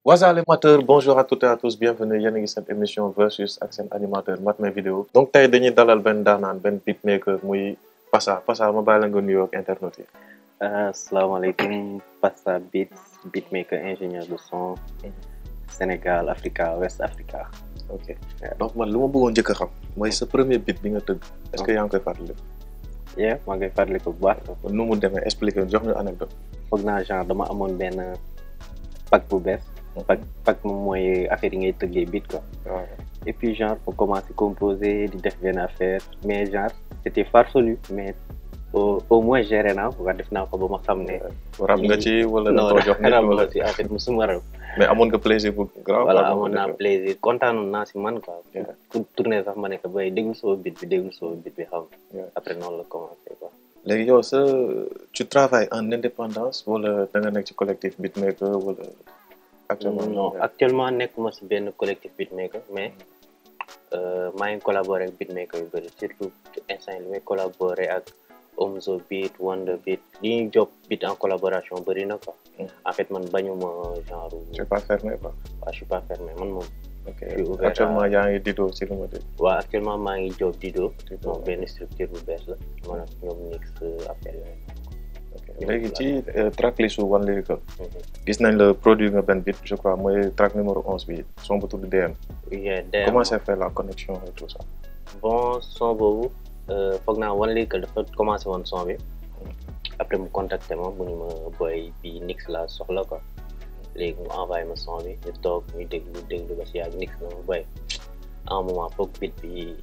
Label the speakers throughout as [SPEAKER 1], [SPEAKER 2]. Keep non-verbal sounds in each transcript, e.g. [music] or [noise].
[SPEAKER 1] Waza les amateurs bonjour à toutes et à tous bienvenue yéen a ngi émission versus ak seen animateur Matin Vidéo donc tey dañuy dalal ben daanaan ben beatmaker pas Passa Passa ma bàyyi la nga New York internet
[SPEAKER 2] yi. Ah, asalaamaaleykum Passa Beats beatmaker ingénieur de son Sénégal Africa West Africa. ok donc man li ma bëggoon
[SPEAKER 1] Moi a xam premier beat bi nga est-ce que yaa ngi encore fàttali. yeah maa ngi koy fàttali ko bu baax. nu
[SPEAKER 2] mu demee expliqué jox ñu anecdote. foog naa genre dama amoon benn pack bu pas pas moom mooy affaire yi ngay tëggee beat quoi. et puis genre pour commencer composer di def benn affaire mais genre c'était farfelu mais au au moins j'ai rien ko def naa ko ba ma xam ne. rab nga ci wala da jox nit wala ci en fait mais amoon nga plaisir bu grave. voilà amoon naa plaisir kontaanoon naa si man quoi. pour tourner sax ma ne ko bay déglu sama beat bi déglu sama beat bi xam après noonu la commencé quoi.
[SPEAKER 1] léegi yow sa tu travailles en indépendance wala le nga nekk ci collectif beatmaker wala. actuellement non
[SPEAKER 2] actuellement nekkuma si kolektif collectif beatmaker mais mm-hmm. euh, maa ngi collaboré ak beatmaker yu bëri surtout instant li may collaboré ak Omzo Beat Wonder Beat li ñuy job beat en collaboration bëri na quoi mm-hmm. en fait man bañuma genre je suis pas fermé quoi waaw je suis pas fermé man moom ok actuellement yaa
[SPEAKER 1] ngi dido si lu ma dégg
[SPEAKER 2] waaw actuellement maa ngi job dido moom benn structure bu bees la man ak ñoom nix euh,
[SPEAKER 1] léegi ci euh, tracklist su One Lyrical gis nañ la produit nga benn bit je crois mooy track numéro 11 bi son bu tudd DM.
[SPEAKER 2] DM comment
[SPEAKER 1] ça fait la connexion et tout ça.
[SPEAKER 2] bon son boobu euh, foog naa One Lyrical dafa commencé woon son bi après mu contacté ma mu ne ma boy bi Nix la soxla quoi léegi mu envoyé ma son bi ñu toog ñu déglu déglu ba si yàgg Nix na ma boy à un moment foog bit bi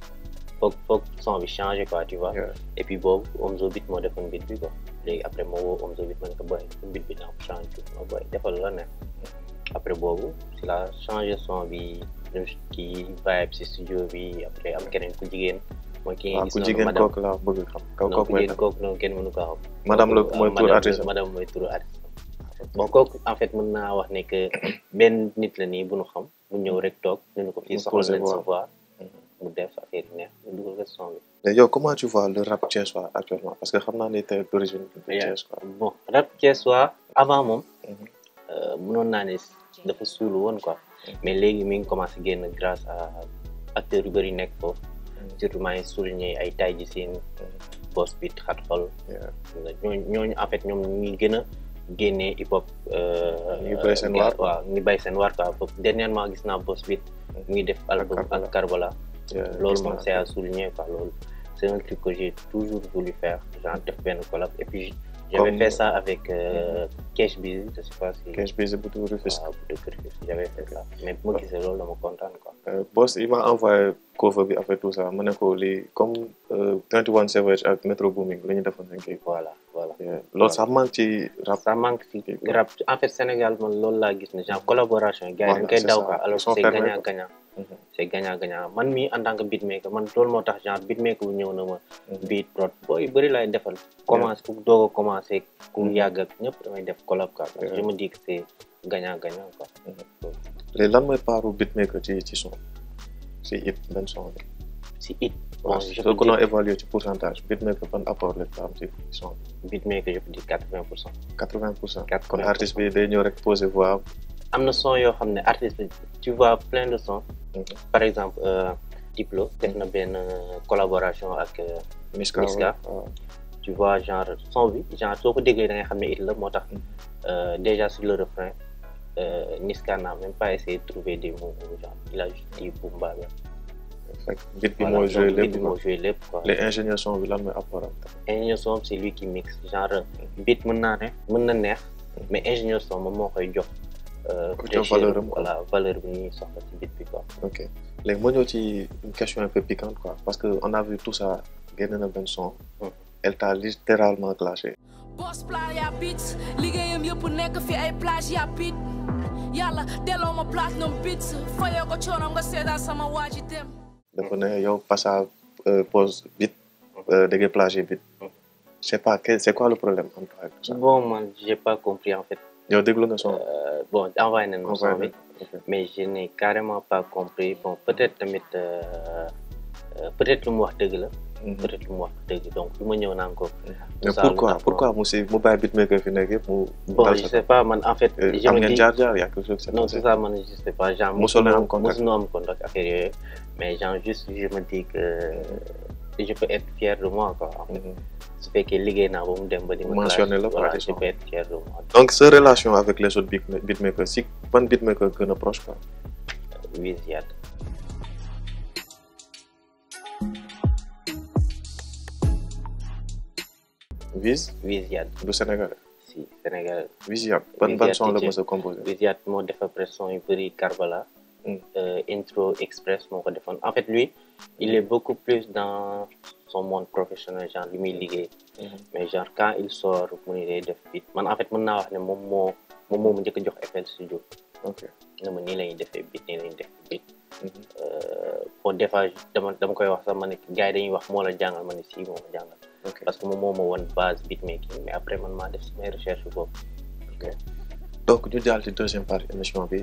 [SPEAKER 2] foog foog son bi changé quoi tu vois. et puis boobu Omzo bit moo defoon bit bi quoi. léegi après ma woo Omzo bi man ko boy mbit bi naa ko changé tuuti ma boy après boobu si la changé son bi dem kii vibe si studio bi après am keneen ku jigéen mooy ki ngeen gis noonu madame kooku la bëgg xam kooku mooy kooku noonu kenn mënu ko xam madame la mooy tur artiste madame mooy tur artiste en fait mën naa wax ne que benn nit la nii bu nu xam mu ñëw rek toog ñu ko fii soxla leen sa voix mu def affaire yi neex mu dugal ko son mais ya, yo,
[SPEAKER 1] comment tu vois le rap thiessois actuellement parce que xam naa ni d'origine thiès
[SPEAKER 2] quoi bon rap thiessois avant moom mhm. euh, mënoon naa ne dafa suul woon quoi mhm. mais léegi mi ngi à gagner grâce à l'acteur yu bëri nekk foofu mhm. surtout maa ngi souligner ay tay ji seen boss beat xat xol en fait nous avons gagné a hip hop euh, ñu bay seen waar waaw ñu bay seen waar quoi dernièrement gis naa boss beat mu ngi def album ak karbala Euh, loolu c'est à souligner quoi lol. c'est un truc que j'ai toujours voulu faire j'ai def collab et puis j'avais fait ça avec euh, mhm. Cash Biz je sais pas si Cash Biz bu dëkk Rufisque j'avais fait ça mais qui c'est lol, je me contente quoi
[SPEAKER 1] euh, boss il m'a envoyé cover bi après tout ça ma comme 21 Savage avec Metro Booming la ñu defoon seen
[SPEAKER 2] voilà voilà
[SPEAKER 1] ça manque ci rap ça manque ci rap
[SPEAKER 2] en fait Sénégal man loolu laa collaboration gars yi dañ koy daw quoi alors c'est gagnant gagnant c'est gagnant gagnant man mii en tant que beatmaker man loolu moo tax genre beatmaker bu ñëw na ma mm. beat prod booy bëri laay defal commencé ku doog a commencé ku mm. yàgg ak ñëpp damay def collab quoi parce mm. que je me dis que c'est gagnant gagnant quoi
[SPEAKER 1] léegi lan mooy paaru ci ci si it benn son bi si it bon je peux dire évaluer ci pourcentage beatmaker ban apport la am ci son beatmaker
[SPEAKER 2] je peux dire quatre vingt pour cent quatre vingt pour kon artiste bi day ñëw rek poser voix am na son yoo xam ne artiste tu vois plein de sons par exemple euh, Diplo def na benn euh, collaboration ak euh, Miska tu vois genre son bi genre soo ko déggee da ngay xam ne it la moo tax mm. déjà sur le refrain Niska n'a même pas essayé de trouver des mots genre il a juste dit Bumba bi bit bi moo joué lépp moo joué quoi les ingénieurs son là mais apparemment ingénieur c'est lui qui mixe genre bit mën naa ne mën mm. mais ingénieur son moom moo koy euh, côté valeur voilà valeur bi ñuy soxla bit bi
[SPEAKER 1] ok léegi moo ñëw une question un peu piquante quoi parce que on a vu tout ça génn na benn son. Hmm. elle t'a littéralement clashé.
[SPEAKER 2] boss playa beats liggéeyam yëpp nek fi ay plage ya pit yalla delo ma platinum beats fayoo ko coono nga seetaan sama waa ji dem.
[SPEAKER 1] dafa ne yow passa euh, pose bit hmm. euh, da ngay plagé beat. Hmm. je sais pas c'est quoi le problème
[SPEAKER 2] en tout bon moi j'ai pas compris en fait.
[SPEAKER 1] Yo déglu na son
[SPEAKER 2] bon envoie nañ ma son mais je n'ai carrément pas compris bon peut-être tamit peut-être lu mu wax dëgg la peut-être lu mu wax dëgg donc lu ma ñëw naan ko mais pourquoi pourquoi
[SPEAKER 1] mu si mu bàyyi beatmaker fi nek yëpp mu bon je sais pas man en fait je me dis jaar jaar yaa quelque
[SPEAKER 2] chose non c'est ça man je sais pas genre mosul am contact mosul am contact affaire yooyu mais genre juste je me dis que je peux être fier de moi quoi su fekkee liggéey naa ba mu dem ba di. mentionné la pratiquement donc
[SPEAKER 1] sa relation avec les autres beatmaker si ban beatmaker
[SPEAKER 2] gën a proche quoi. Wiz Yad. Wiz. Wiz Yad.
[SPEAKER 1] du Sénégal. si
[SPEAKER 2] Sénégal. Wiz Yad ban ban son la mos a composé. Wiz Yad moo defar pression yu bëri Karbala euh, intro express mon téléphone. en fait lui il est beaucoup plus dans son monde professionnel genre li muy liggéey mm-hmm. mais genre quand il sort mu est day def beat man en fait mën naa wax ne moom moo a jox FL Studio ok ne ma nii la ñuy defee beat nii la ñuy beat bon mm-hmm. euh, des fois dama dama koy wax sax ma gars yi dañuy wax moo la jàngal ma si moo ma parce que mon moo ma woon base beatmaking mais après man m'a def mes recherches. boobu ok
[SPEAKER 1] donc ñu daal ci deuxième partie émission bi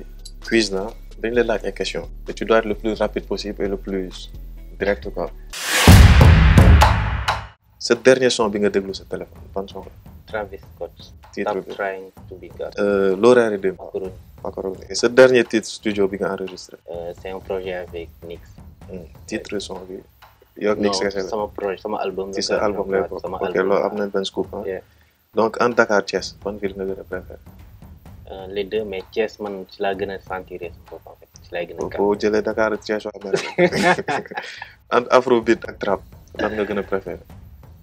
[SPEAKER 1] quiz na hein? dañ le laaj ay question et tu dois être le plus rapide possible et le plus direct quoi. ce dernier son bi nga déglu sa téléphone ban son
[SPEAKER 2] Travis Scott. titre bi Stop trying to be God. Euh, l'horaire est dem.
[SPEAKER 1] Macaroni et ce dernier titre studio bi nga enregistré.
[SPEAKER 2] Euh, c'est un projet avec Nix. Hmm.
[SPEAKER 1] titre son bi. yow ak Nix c'est ça. sama
[SPEAKER 2] C'est sama album. c'est sa album lay bokk ok loolu am
[SPEAKER 1] nañ benn scoop ah. donc en Dakar Thiès bonne ville ne gën a préféré.
[SPEAKER 2] Eh, ledder matches man slagen santi slagen ko
[SPEAKER 1] jëlee Dakar situation entre afrobeat ak trap lan nga gëna préférer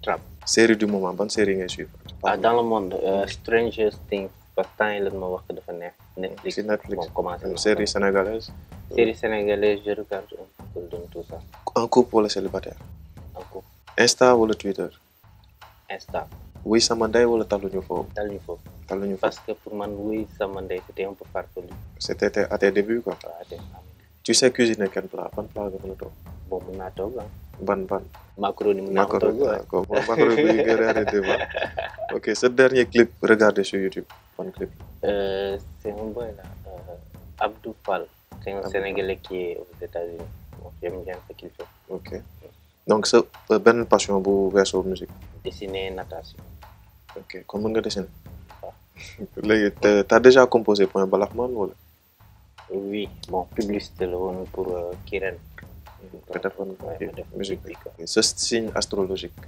[SPEAKER 1] trap série du moment ban série ngay suivre ah dans
[SPEAKER 2] le monde uh, strangest thing parce que lan ma wax dafa ya. neex Netflix si Netflix bon, commencé eh, une série sénégalaise série sénégalaise je regarde un peu de tout ça
[SPEAKER 1] en couple wala célibataire
[SPEAKER 2] ya. un couple
[SPEAKER 1] Insta ou le Twitter Insta Ui samandai wala talu ñu fo? talu ñu fo. talu ñu parce que pour man ui
[SPEAKER 2] samandai c'était un peu
[SPEAKER 1] farfelu. C'était à tes débuts quoi? À tes Tu sais oh, cuisiner quel plat? Ban plat ko na to? Bon mon na to gan. Ban ban.
[SPEAKER 2] Macaroni mon na ko to gan. Ko macaroni bi ré arrêté ba.
[SPEAKER 1] OK, ce dernier clip regardez sur YouTube. Bon clip.
[SPEAKER 2] Euh, c'est un boy là. Euh, Abdou Fall. C'est un Sénégalais qui est aux États-Unis. J'aime bien ce qu'il fait.
[SPEAKER 1] OK. Donc, c'est eh, une passion pour verso musique.
[SPEAKER 2] Dessiner natation. ok comment mën nga
[SPEAKER 1] dessiner Tu as déjà composé pour un balafman wala.
[SPEAKER 2] oui bon publicité la pour euh, Kiren. nga
[SPEAKER 1] musique ce signe astrologique.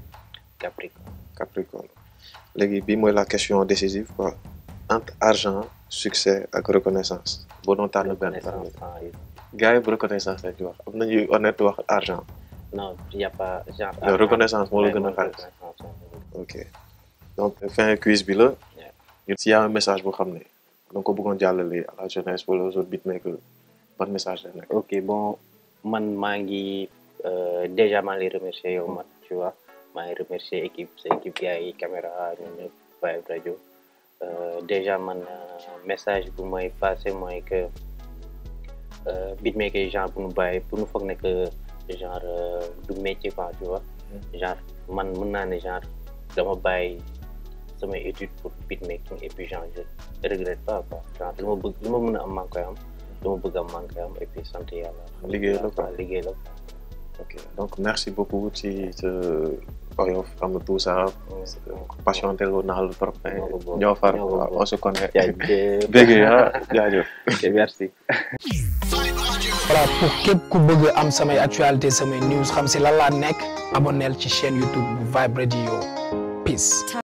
[SPEAKER 1] Capricorne. Capricorne léegi bii la question décisive quoi entre argent succès ak reconnaissance on doon le benn. Ah, gars bu reconnaissance lañ ci On est nañuy honnête wax argent.
[SPEAKER 2] non il y a pas genre. reconnaissance moi le gën
[SPEAKER 1] ok donc fin quiz bi y a un message pour vous. donc ko à la jeunesse aux autres
[SPEAKER 2] message ok bon man euh, déjà remercier yow tu vois équipe équipe caméra Radio euh, déjà man euh, message pour may passer que beatmaker genre que genre du métier quoi tu vois mm. genre man mën genre samay étude pour beatmaking et puis genre je a am maa ngi koy am li ma bëgg am maa ngi koy am et puis sant yàlla liggéey la quoi liggéey la
[SPEAKER 1] merci beaucoup ci sa oyof am tout ça patienté lu naa lu trop ñoo far waaw se connaît dégg nga ah, jaajëf
[SPEAKER 2] [laughs] xam si lan laa nekk abonneel ci chaîne YouTube bu Vibe